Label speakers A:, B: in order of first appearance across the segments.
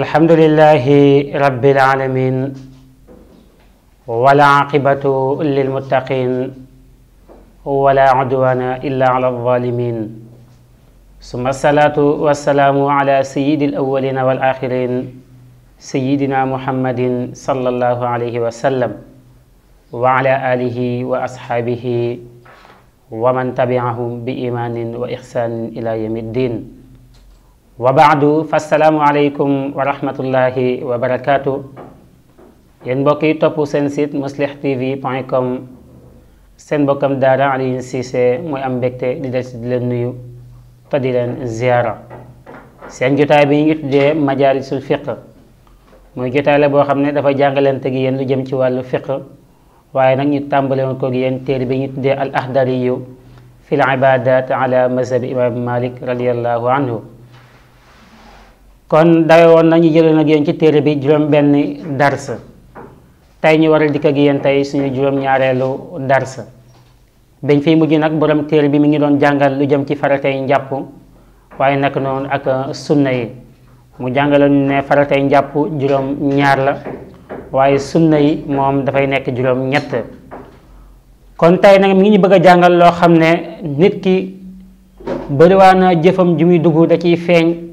A: الحمد لله رب العالمين ولا عقبة للمتقين ولا عدوان إلا على الظالمين ثم الصلاة والسلام على سيد الأولين والآخرين سيدنا محمد صلى الله عليه وسلم وعلى آله وأصحابه ومن تبعهم بإيمان وإحسان إلى يوم الدين wa baadu fassalaamu aleykum wa rahmatullahi wa barakaatu yéen mbokk yi topp seen site muslih tv point com seen mbokkam daara Alioune Cissé mooy am mbégte di des di leen nuyu te di leen ziyaara seen jotaay bi ñu ngi tuddee majaalisul fiq mooy jotaay la boo xam ne dafa jàngalante gi yéen lu jëm ci wàllu fiq waaye nag ñu tàmbale woon ko gi yéen téere bi ñu tuddee al ahdariyu fil ibadat ala mazhabi imam malik radiallahu anhu kon dawe woon nañu jëloon ak yéen ci téere bi juróom benn dars tey ñu war a dikk ak yéen tey suñu juróom ñaareelu dars dañ fiy mujj nag borom téere bi mi ngi doon jàngal lu jëm ci faratay njàpp waaye nag noonu ak uh, sunna yi mu jàngaloon ne njàpp juróom ñaar la waaye sunna yi moom dafay nekk juróom ñett kon tey nag mi ngi ñu bëgg jàngal loo xam ne nit ki bëriwaana jëfam ju muy dugg da ciy feeñ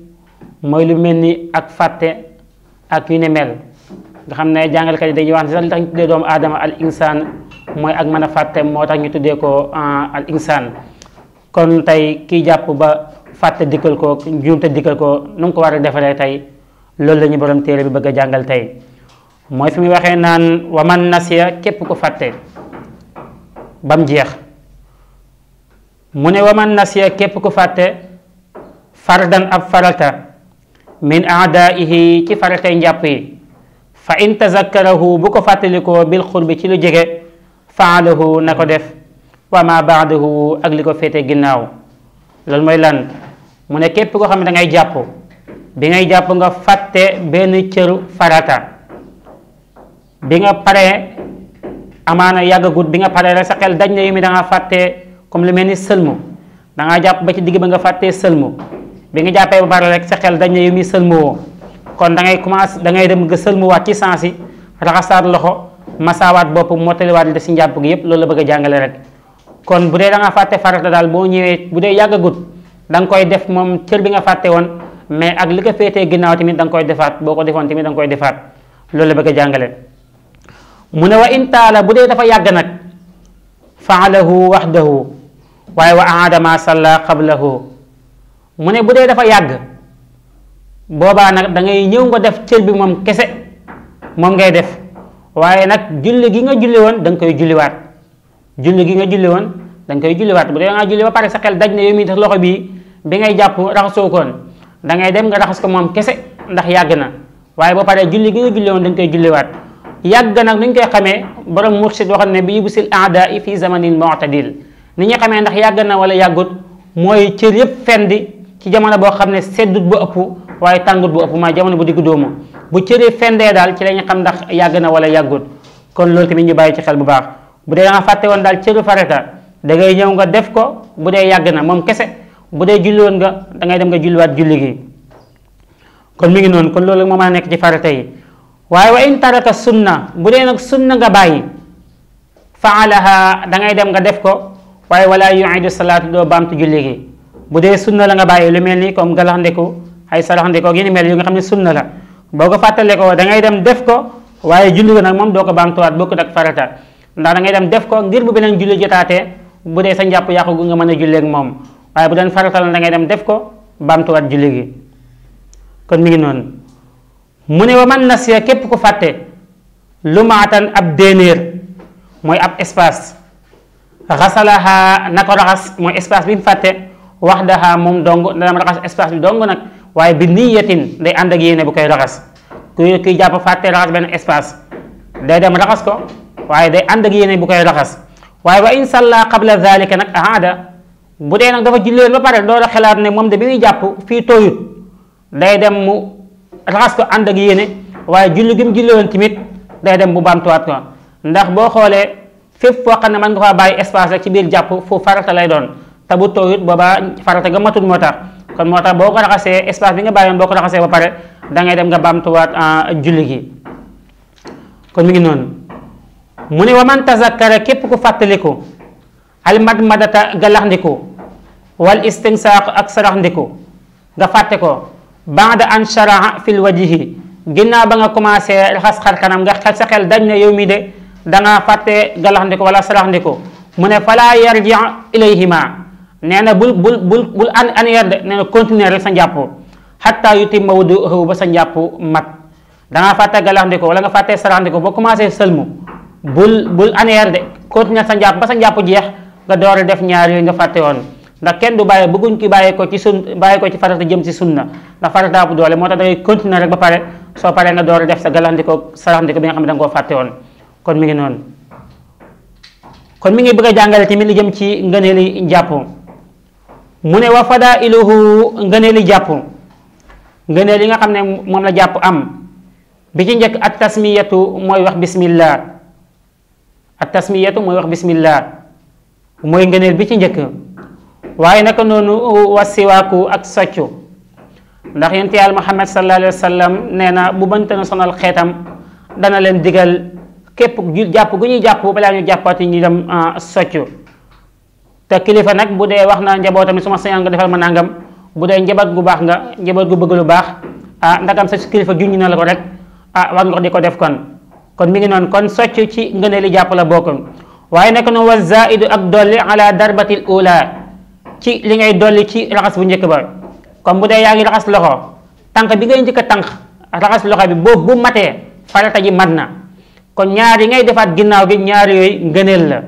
A: mooy lu mel ni ak fàtte ak yu ne mel nga xam ne jàngalekat yi dañuy wax ne sax li tax ñu tuddee doomu aadama al insaan mooy ak mën a fàtte moo tax ñu tuddee ko euh, al insaan kon tey kii jàpp ba fàtte dikkal ko njuumte dikkal ko nu mu ko war a defaree tey loolu la ñu téere bi bëgg a jàngal tey mooy fi muy waxee naan wa man nasiya képp ko fàtte ba jeex mu ne wa man nasiya képp ko fàtte fardan ab faralta min aadaihi ci faratay njàpp yi fa in tazakkarahu bu ko fàttalikoo bil xurbi ci lu jege faalahu na ko def wa ma baadahu ak li ko féete ginnaaw loolu mooy lan mu ne képp koo xam ne da ngay jàpp bi ngay jàpp nga fàtte benn cëru farata bi nga paree amaana yàggagut bi nga paree rek sa xel daj na yi mi da nga fàtte comme lu mel ni sëlmu da jàpp ba ci digg ba nga fàtte sëlmu bi nga jàppee ba pare rek sa xel dañ ne yow mi sëlmuwoo kon da ngay commencé da ngay dem nga sëlmuwaat ci sens yi raxasaat loxo masaawaat bopp mottaliwaat li def si njàpp gi yépp loolu la bëgg a jàngale rek kon bu dee da nga fàtte farata daal boo ñëwee bu dee yàggagut da nga koy def moom cër bi nga fàtte woon mais ak li ko féetee ginnaaw tamit da nga koy defaat boo ko defoon tamit da koy defaat loolu la bëgg a jàngale mu ne wa intaala bu dee dafa yàgg nag faalahu waxdahu waaye wa aadama salla qablahu mu ne bu dee dafa yàgg boobaa nag dangay ñëw nga def cër bi moom kese moom ngay def waaye nag julli gi nga julli woon da nga koy julliwaat julli gi nga julli woon da koy julliwaat bu dee da ba pare sa xel daj na yow def loxo bii bi ngay jàpp raxasoo koon da ngay dem nga raxas ko moom kese ndax yàgg na waaye ba pare julli gi nga woon da koy julliwaat yàgg nag nuñ koy xamee borom mursid waxoon ne bi yubsil aada i fii zamanil mu'tadil ni ñu xamee ndax yàgg na wala yàggut mooy cër yëpp fendi ci jamono boo xam ne seddut bu ëpp waaye tàngut bu ëpp maay jamono bu digg dóomu bu cëree fendee daal ci la ñu xam ndax yàgg na wala yàggut kon loolu tamit ñu bàyyi ci xel bu baax bu dee da nga fàtte woon daal cëru farata da ngay ñëw def ko bu dee yàgg na moom kese bu dee julli nga da dem nga julliwaat julli gi kon mi ngi noonu kon lool moo mën a nekk ci farata yi waaye wa in taraka sunna bu dee nag sunna nga bàyyi faalaha da ngay dem nga def ko waaye wala yuidu salaat doo baamtu julli gi bu dee na la nga bàyyi lu mel ni comme galax ndeku ay salax ndeku ak yenn mel yu nga xam ne na la boo ko fàttalee ko da ngay dem def ko waaye julli ko nag moom doo ko bamtuwaat bokkut ak farata ndax da ngay dem def ko ngir bu beneen julli jotaatee bu dee sa njàpp yàqu gu nga mën a julleeg moom waaye bu doon farata da ngay dem def ko bamtuwaat julli gi kon mi ngi noonu mu ne wa man nasiya képp ku fàtte lu maatan ab déenéer mooy ab espace xasalaha na ko mooy espace bi mu fàtte wax waxdaha moom dong dana raxas espace bi dong nag waaye bi niyatin day ànd ak yéene bu koy raxas kuy kuy jàpp fàtte raxas benn espace day dem raxas ko waaye day ànd ak yéene bu koy raxas waaye wa in salla qabla zalika nag aada bu dee nag dafa julleen ba pare door a xalaat ne moom da bi muy jàpp fii tooyut day dem mu raxas ko ànd ak yéene waaye julli gi mu julliwoon tamit day dem bu bamtuwaat ko ndax boo xoolee fépp foo xam ne man nga faa bàyyi espace rek ci biir jàpp fu farata lay doon te bu booba boobaa farata ga matut moo tax kon moo tax boo ko raxasee espace bi nga bàyyoon boo ko raxasee ba pare da ngay dem nga baamtuwaat ah, julli gi kon mu ngi noonu mu ne wa man tazakkara képp ku fàttaliku al madmadata galaxndiku wal istinsaaq ak saraxndiku nga fàtte ko ba'da an sharaha fil wajihi ginnaaw ba nga commencé raxas xar kanam nga xel sa xel dañ ne yow mii de da nga fàtte galaxndiku wala saraxndiku mu ne fala yarji ilayhima nee na bul bul bul bul an annuaire de nee na continuer rek sa njàpp xataa yu timma wudu'ahu ba sa njàpp mat da ngaa fàtte galaxndiko wala nga fàtte saraxndiko ba commencé sëlmu bul bul annuaire de continuer sa njàpp ba sa njàpp jeex nga door def ñaar yooyu nga fàtte woon ndax kenn du bëgguñ ki bàyyi ko ci sun bàyyi ko ci farata jëm ci sunna ndax farata bu doole moo tax da ngay continuer rek ba pare soo paree nga door def sa galaxndiko saraxndiko bi nga xam ne da fàtte woon kon mi ngi noonu kon mi ngi bëgg a jàngale tamit li jëm ci ngëneeli njàpp mu ne wa fadaa iluhu ngëneel jàpp ngëneel li nga xam ne moom la jàpp am bi ci njëkk at tasmiyatu mooy wax bismillah at tasmiyatu mooy wax bismillah mooy ngëneel bi ci njëkk waaye naka noonu wasiwaaku ak soccu ndax yonent Yàlla Muhammad sallallahu alayhi wa sallam nee na bu bant na sonal xeetam dana leen digal képp jàpp gu ñuy jàpp balaa ñu jàppaati ñu dem ah, soccu te kilifa nag bu dee wax naa njabootam su ma sañoon nga defal ma nangam bu dee njaboot gu baax nga njaboot gu bëgg lu baax ah ndakam sa kilifa junj na la ko rek ah war nga di ko def kon kon mi ngi noonu kon socc ci ngëneel yi jàpp la bokkoon waaye nekk nu wa zaidu ak dolli ala darbatil ula ci li ngay dolli ci raxas bu njëkk ba comme bu dee yaa ngi raxas loxo tànk bi ngay njëkk a tànk raxas loxo bi boobu bu matee farata ji mat na kon ñaar yi ngay defaat ginnaaw gi ñaar yooyu ngëneel la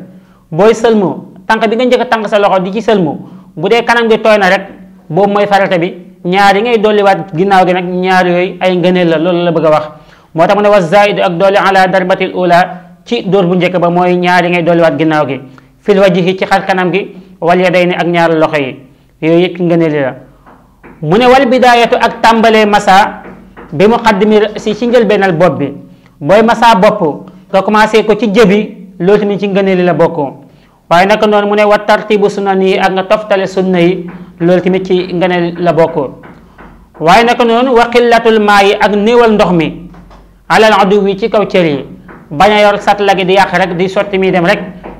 A: booy sëlmu tànk bi nga njëkk tànk sa loxo di ci sëlmu bu dee kanam gi tooy na rek boobu mooy farata bi ñaar yi ngay dolliwaat ginnaaw gi nag ñaar yooy ay ngëneel la loolu la bëgg a wax moo tax mu ne wa zaidu ak doole ala darbatil ula ci dóor bu njëkk ba mooy ñaar yi ngay dolliwaat ginnaaw gi fil wajhi ci xar kanam gi wal yadayni ak ñaari loxo yi yooyu yëpp ngëneel la mu ne wal bidaayatu ak tàmbalee masa bi mu xaddimi si ci njëlbeenal bopp bi booy masa bopp nga commencé ko ci jëbi loolu tamit ci ngëneel la bokk waaye naka noonu mu ne wa tartibu sunan yi ak nga toftale sunna yi loolu tamit ci ngëneel la bokk waaye naka noonu wa xillatul maa yi ak néewal ndox mi alal adu wi ci kaw cër yi bañ a yor sat la gi di sotti mi dem rek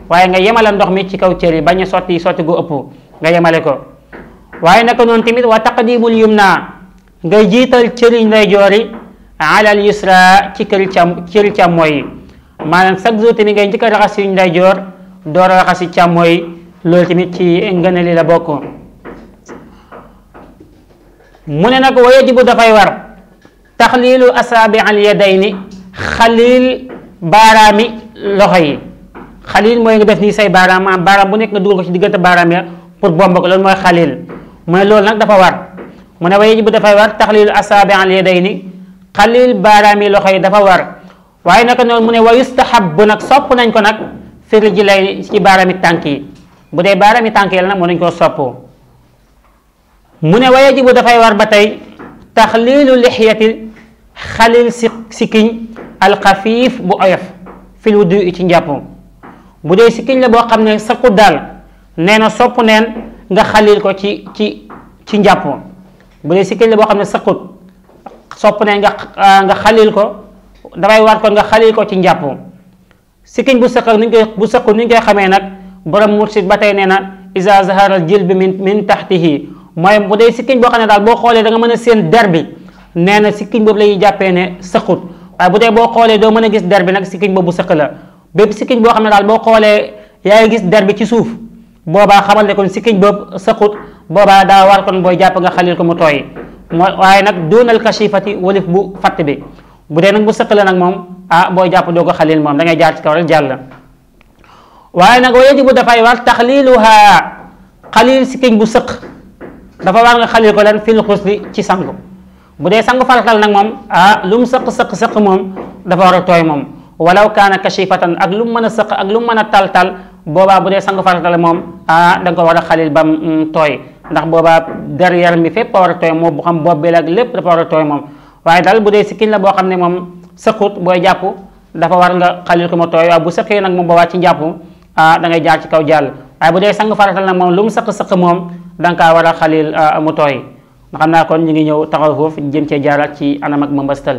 A: waaye nga yemale ndox mi ci kaw cër yi bañ a sotti sotti gu ëpp nga yemale ko waaye naka noonu tamit wa taqdimul naa ngay jiital cëri ndeyjoor yi alal yusra ci këri cam cëri càmmooy yi maanaam chaque jour tamit ngay njëkk a raxas suñu joor door a raxasi càmmooy loolu tamit ci ngëneel yi la bokk mu ne nag wa yajibu dafay war taxliilu asaabi al yadayni xaliil baaraami loxo yi xaliil mooy nga def nii say baaraam maanaam baaraam bu nekk nga dugal ko ci diggante baaraam ya pour bomb ko loolu mooy xaliil mu ne loolu nag dafa war mu ne wa yajibu dafay war taxliilu asaabi al yadayni xaliil baaraami loxo yi dafa war waaye naka noonu mu ne wa yustahabu nag sopp nañ ko nag firli ji lay ci baarami tànk yi bu dee baarami tànk yi la moo nañ koo sopp mu ne waye ji dafay war ba tey taxliilu lixyati xalil si sikkiñ alxafiif bu oyof fil wudu ci njàpp bu dee sikkiñ la boo xam ne sa ku nee na sopp neen nga xalil ko ci ci ci njàpp bu dee sikkiñ boo xam ne saqut sopp neen nga ah, nga ko dafay war kon nga xalil ko ci njàpp sikkiñ bu sëq ni ñu koy bu sëqu ni ñu koy xamee nag borom mursid ba tey nee na isa zaharal jil bi min min taxtihi mooy bu dee sikkiñ boo xam ne daal boo xoolee danga mën a seen der bi nee na sikkiñ boobu lañuy jàppee ne sëqut waaye bu dee boo xoolee doo mën a gis der bi nag sikkiñ boobu sëq la bépp sikkiñ boo xam ne daal boo xoolee yaa ngi gis der bi ci suuf boobaa xamal ne kon sikkiñ boobu sëqut boobaa daa war kon booy jàpp nga xalil ko mu tooy mooy waaye nag doonal kashifati walif bu fatt bi bu dee nag bu sëq la nag moom boo ah, booy jàpp doo ko xalil moom da ngay jaar ci kaw rek jàll waaye nag wa yajibu dafay war taxliluha xalil si kiñ bu sëq dafa war nga ko lan fil xusli ci sangu bu dee sangu faratal nag moom ah lu mu sëq sëq sëq moom dafa war a tooy moom walaw kaana kashifatan ak lu mu mën a sëq ak lu mu mën a tal-tal boobaa bu dee sangu faratal moom ah da ko war a xalil bam mm, tooy ndax boobaa derrière mi fépp a war a tooy moom bu xam bopp la lépp dafa war a tooy moom waaye daal bu dee sikkin la boo xam ne moom sëqut booy jàpp dafa war nga xalil ko ma tooy waaye bu sëqee nag moom ba wàcc ci njàpp ah, da ngay jaar ci kaw jàll waaye bu dee sang faratal nag moom lu mu sëq-sëq moom da nga kaa war a xalil ah, mu tooy nga xam naa ko ñu ngi ñëw taxaw foofu jëm cee jaaral ci anam ak mëmbastal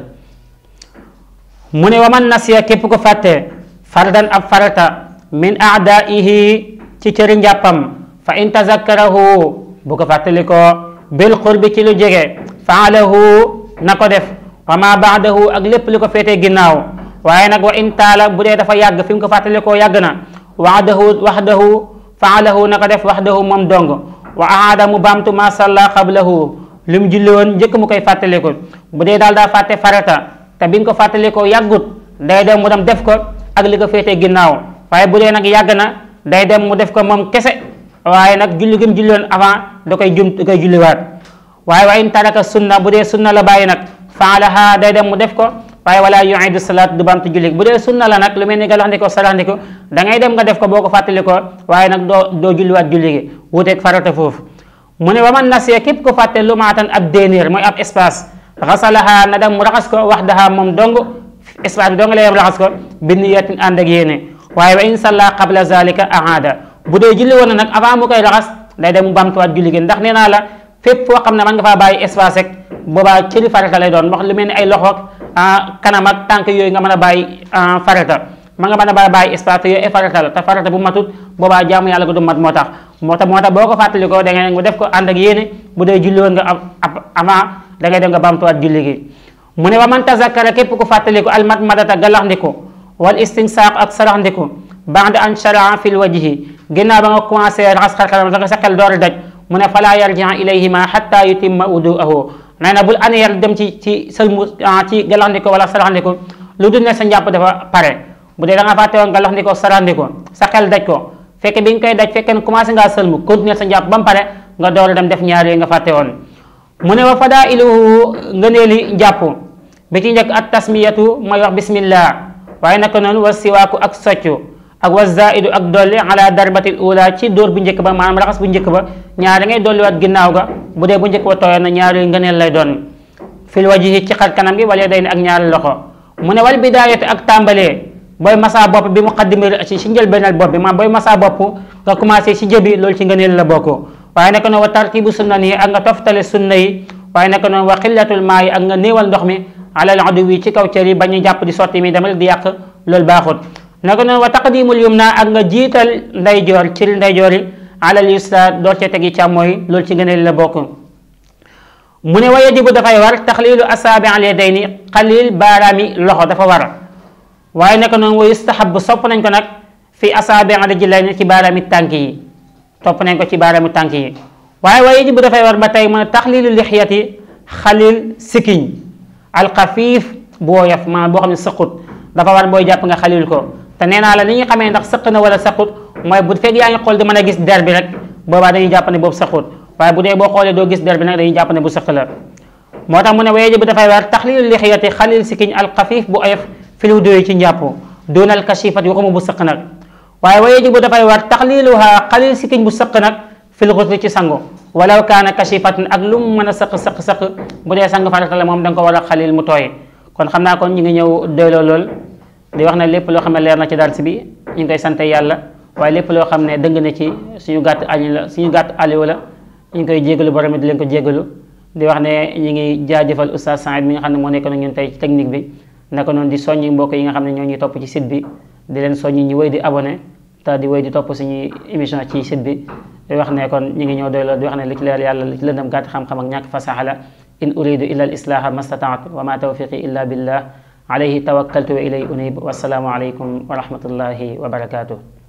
A: mu ne waman nasiya képp ko fàtte fardan ab farata min aadaihi ci cëri njàppam fa in tazakkarahu bu ko fàttali ko bil qurbi ci lu jege faalahu na ko def waa ma baadahu ak lépp li ko féetee ginnaaw waaye nag wa in taala bu dee dafa yàgg fi mu ko fàttalikoo yàgg na waxdahu waxdahu faalahu na ko def waxdahu moom dong wa aada mu baamtu ma salla qablahu li mu julli woon njëkk mu koy fàttaliku bu dee daal daa fàtte farata te bi nga ko fàttalikoo yàggut day dem mu dem def ko ak li ko féetee ginnaaw waaye bu dee nag yàgg na day dem mu def ko moom kese waaye nag julli gi mu julli woon avant da koy jum da koy julliwaat waaye wa in taraka sunna bu dee sunna la bàyyi nag faalaha day dem mu def ko waaye wala yuidu salaat du bamtu julli bu dee sunna la nag lu mel ni nga loxandiku salaxandiku da ngay dem nga def ko boo ko fàttali ko waaye nag doo doo julliwaat julli gi wuuteeg farata foofu mu ne wa man nasiya képp ko fàtte lu maatan ab déenéer mooy ab espace xasalaha na dem mu raxas ko wax daxaa moom dong espace bi dong la yem raxas ko bi niyatin ànd ak yéene waaye wa in salla qabla zalika aada bu dee julli na nag avant mu koy raxas day dem mu ndax nee naa la fépp foo ne mën nga faa bàyyi boobaa cëri farata lay doon wax lu mel ni ay loxoog ah, kanam ak tànk yooyu nga man a bàyyi ah, farata ma nga mën a bàyyi espace yooyu ay farata la te farata bu matut boobaa jaamu yàlla ko moo tax moo tax moo tax boo ko fàttali ko da ngay def ko ànd ak bu dee julli woon nga ab avant da ngay dem nga bamtuwaat julli gi mu ne wa man tazakkara képp ku fàttaliku almat madata galaxndiku wal istinsaaq ak saraxndiku ba'da an sharaa fil wajhi ginnaaw ba nga commencé raxas xar kanam da nga sa xel door daj mu ne falaa yarji'a ilayhima xatta yutimma wudu'ahu nee na bul anéer dem ci ci sëlmu ah, ci galaxndiko wala saraxndiko lu dul ne sa njàpp dafa pare bu dee da nga fàtte woon galaxndiko saraxndiko sa xel daj ko fekke bi nga koy daj fekkee ne commencé ngaa sëlmu continuer sa njàpp ba mu pare nga door dem def ñaar yooyu nga fàtte woon mu ne wa fadaa iluhu ngëneeli njàpp bi ci njëkk at tasmiyatu mooy wax bismillah waaye naka noonu wa siwaaku ak soccu ak wa zaidu ak dolli ala darbatil ula ci dóor bu njëkk ba maanaam raxas bu njëkk ba ñaari ngay dolliwaat ginnaaw ga bu dee bu njëkk ba tooyoon na ñaari ngëneel lay doon fil wajihi ci xar kanam gi wala day ne ak ñaari loxo mu ne wal bidaayatu ak tàmbalee booy masa bopp bi muqaddimi ci njëlbeenal bopp bi maanaam booy masa bopp nga commencé ci jëbi loolu ci ngëneel la bokk waaye naka noonu wa tartibu sunna nii ak nga toftale sunna yi waaye naka noonu wa xillatul maa yi ak nga néewal ndox mi alal aduwi ci kaw cër yi bañu jàpp di sotti mi dama di yàq loolu baaxut naka noonu wa taqdimul yumna ak nga jiital ndeyjoor ci ndeyjoor yi alal yusra door ca tegi càmmooy loolu ci ngëneel la bokk mu ne wa dafay war taxliilu asaabi al yadayni xalil baaraami loxo dafa war waaye naka noonu wa yustahabu sopp nañ ko nag fi asaabi al rijlayni ci baaraami tànk yi topp nañ ko ci baaraami tànk yi waaye wa dafay war ba tey mu ne taxliilu lixyati xalil sikkiñ alxafiif bu woyof maanaam boo xam ne sëqut dafa war booy jàpp nga xalil ko te nee naa la ni ñu xamee ndax sëq na wala saqut mooy bu fekk yaa ngi xool di mën a gis der bi rek boobaa dañuy jàpp ne boobu saqut waaye bu dee boo xoolee sëq la moo tax mu ne waye bu oyof filiw doyu waaye waye dafay war taxliluha xalil sikiñ bu sëq nag fil xusli ci sangu walaw kaana kashifatin ak lu mu a sëq sëq sëq bu dee sangu farata moom da nga ko war a xalil mu tooy kon xam naa kon ñu ngi ñëw doyloo lool di wax ne lépp loo xam ne leer na ci dars bi ñu ngi koy sante yàlla waaye lépp loo xam ne dëng na ci suñu gàtt àll la suñu gàtt àlliw la ñu ngi koy jégalu borom di leen ko jégalu di wax ne ñu ngi jaajëfal oustaz Saïd mi nga xam ne moo nekk na ñun tey ci technique bi naka noonu di soññ mbokk yi nga xam ne ñoo ñuy topp ci site bi di leen soññ ñu wéy di abonné te di wéy di topp suñuy émission ci site bi di wax ne kon ñu ngi ñëw doy la di wax ne li ci leer yàlla li ci lëndëm gàtt xam-xam ak ñàkk fasaxa ma tawfiqi illa billah alayhi tawakkaltu wa ilayhi unib wassalaamu aleykum wa rahmatullahi wa barakatuh